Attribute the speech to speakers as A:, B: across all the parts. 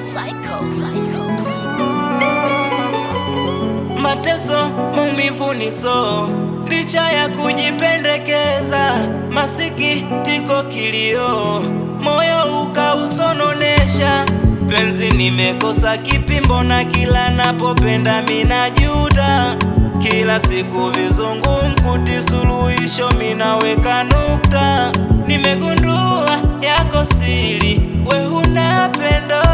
A: psycho, psycho. Mateso, maumivu ni so, licha ya kujipendekeza, masikitiko kilio, moyo ukausononesha. Penzi nimekosa kipimbo, na kila napopenda minajuta kila siku vizungu mkuti, suluhisho minaweka nukta. Nimegundua yako siri, we hunapenda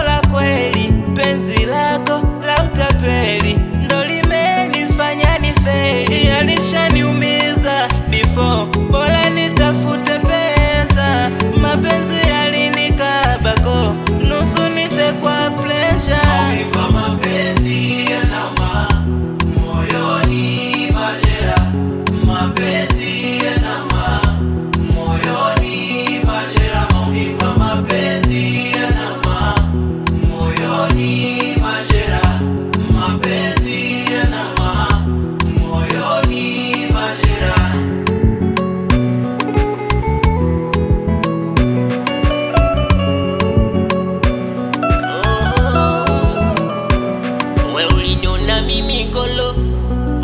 A: na mikolo,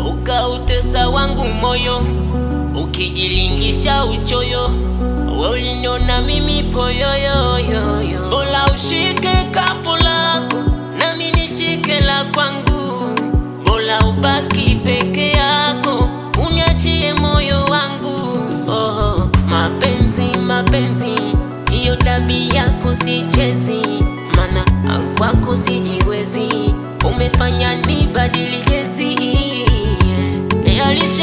A: ukautesa wangu moyo, ukijilingisha uchoyo, we uliniona mimi poyoyoyoyo. Bola ushike kapu lako nami nishike la kwangu, bola ubaki peke yako uniachie moyo wangu. Oh, mapenzi mapenzi, hiyo tabia sichezi, mana kwako sijiwezi, umefanya yeah.